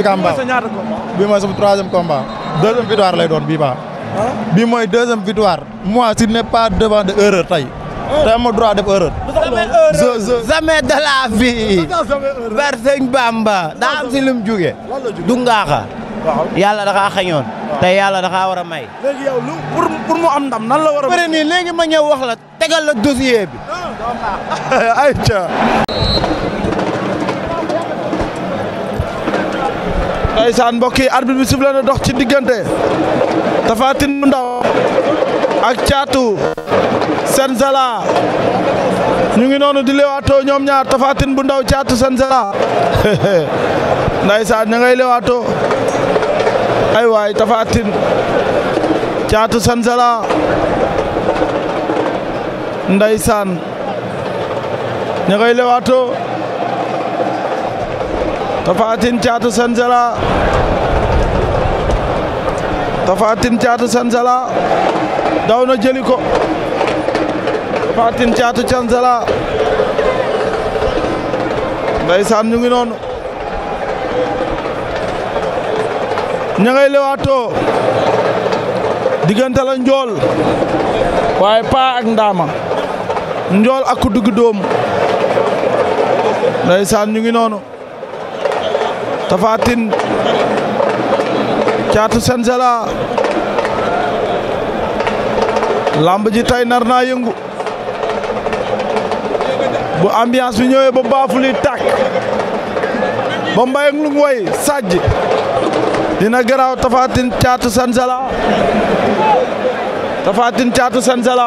si Kambaaw bii mooy sama troisième combat. deuxième victoire lay doon bii baax. Ah. bii mooy deuxième victoire. moi s'il n'est pas devant de erreur tey. Ah. tey ma droit def erreur. jamais de la vie. bar sëñ Bamba daa am si lum jóge du ngaaxa yàlla dafa xañoon. te yàlla dafa war a may. léegi yow am ndam nan la war a. nii léegi ma wax la tegal la dossier bi. ayca. Ah, ndeysaan mbokk yi arbitre bi sifflé na dox ci diggante Tapha bu ndaw ak caatu Senzala ñu ngi noonu di lewaatoo ñoom ñaar Tapha bu ndaw caatu Senzala ndeysaan ña ngay lewaatoo ay waay Tapha Tine caatu Senzala ndeysaan ña ngay lewaatoo Tapha Tine Thiatou Sanzala Tapha Tine Thiatou Sanzala daw na jëli ko Tapha Tine Thiatou Sanzala ndeysaan ñu ngi noonu ña ngay lewaatoo diggante la njool waaye paa ndaama njool ak ku dugg dóom ndeysaan ñu ngi noonu Tapha Tine Thiatou Senzela lamb ji tey nar naa yëngu bu ambiance bi ñëwee ba baafuli tàkk ba mbayang lu ngi way sàjj dina garaaw Tapha caatu Thiatou Senzela Tapha Tine Thiatou Senzela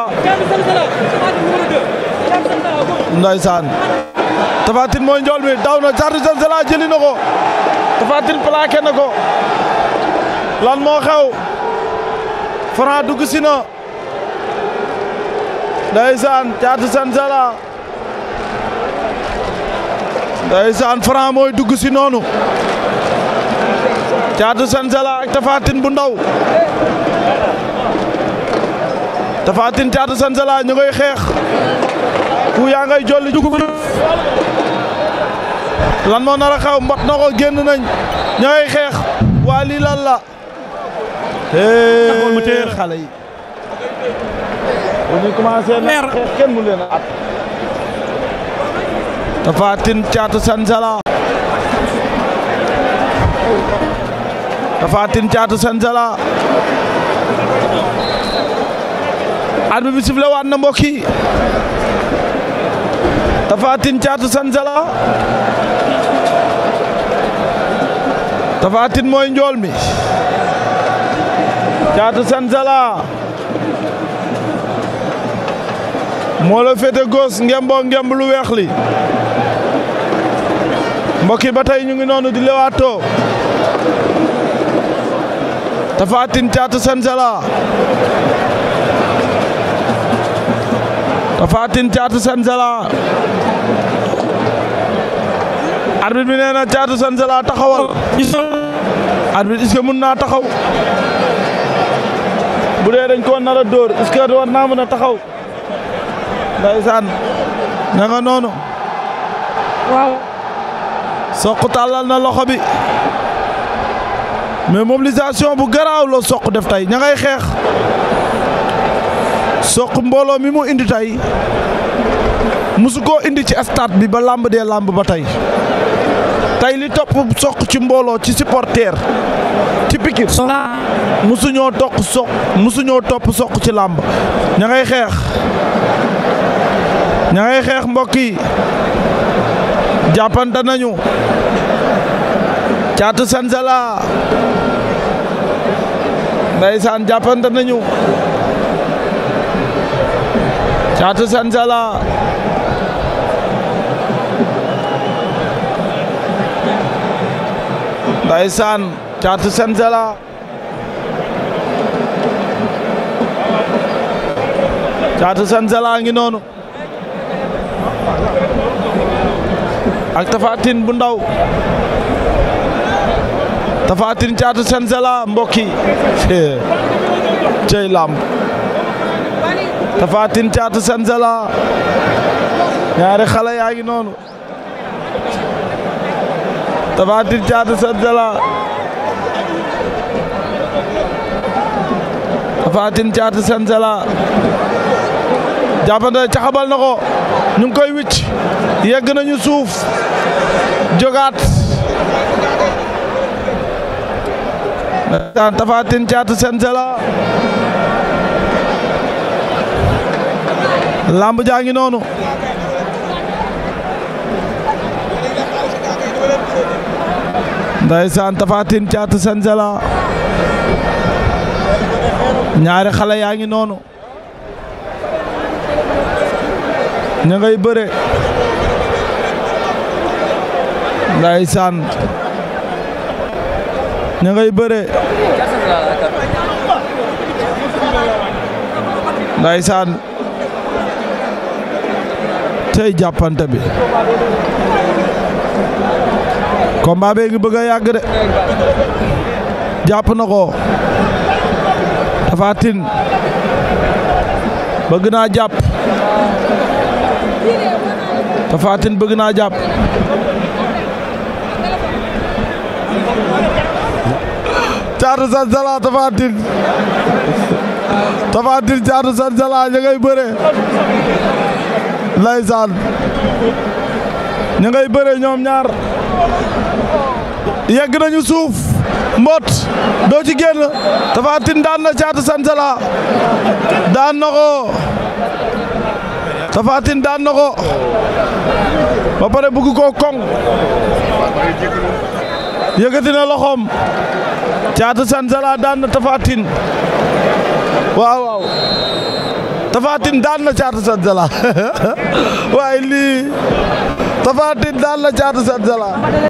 Tapha Tine mooy njool mi daw na Charles Sansela ko Tapha Tine plaqué ko lan moo xew Franc dugg si na ndeysaan Charles Sansela ndeysaan Franc mooy dugg si noonu Charles Sansela ak Tapha Tine bu ndaw Tapha Tine Charles Sansela ñu ngay xeex ku yaa ngay jolli lan moo nar a mbot na ko génn nañ ñooy xeex waa lii lan la. mu téye xale yi. bu ñu commencé nag xeex kenn mu leen at. Tapha Tine Thiatou Sansala. Tapha Tine Thiatou Sansala. waat na mbokk yi Tapha Tine Thiatou Sansala Tapha mooy njool mi Thiatou Sansala moo la féete gos ngemboo ngemb lu weex li mbokk yi ba tey ñu ngi noonu di lewaatoo Tapha Tine Thiatou Sansala Tapha Tine Thiatou arbitre bi nee na Thiatou Sanzé laa taxawal arbitre est mën naa taxaw bu dee dañ ko nar a dóor est-ce que war naa mën a taxaw ndeysaan na nga noonu soq tàllal na loxo bi mais mobilisation bu garaaw la soq def tey ña ngay xeex soq mbooloo mi mu indi tey musu koo indi ci stade bi ba làmb dee làmb ba tey tey li topp soq ci mbooloo ci supporter ci pikir musuñoo toq topp soq ci làmb ña xeex ña xeex mbokk yi jàppante nañu caatu sanzala ndeysaan jàppante nañu caatu sanzala Ndeysaan Caatu Senzela Caatu Senzela ngi noonu ak Tapha Tine bu ndaw Tapha Tine Caatu Senzela mbokk yi cey làmb Tapha Tine Caatu Senzela ñaari xale yaa ngi noonu Tapha Tine Thiatou Sarr Tapha Tine Thiatou Sarr jàppante caxabal na ko ñu ngi koy wicc yegg nañu suuf jógaat daan Tapha Tine Thiatou Sarr lamb jaa ngi noonu ndaysaan Tapha Tine Thiatou Sanzala ñaari xale yaa ngi noonu ña ngay bëre ndaysaan ña ngay bëre ndaysaan tey jàppante bi combat bee ngi bëgg a de jàpp na ko Tapha Tine bëgg naa jàpp Tapha bëgg naa jàpp caatu san sala Tapha Tine Tapha Tine caatu san sala ña ngay bëre laysaan ña ngay ñoom ñaar yegg nañu suuf mbot doo ci génn Tapha Tine na Caatu Sansala daan na ko Tapha Tine na ko ba pare bugg koo koŋ yëkkati na loxoom Caatu Sansala daan na Tapha waaw waaw Tapha Tine na Caatu Sansala waaye lii Tapha Tine na Caatu Sansala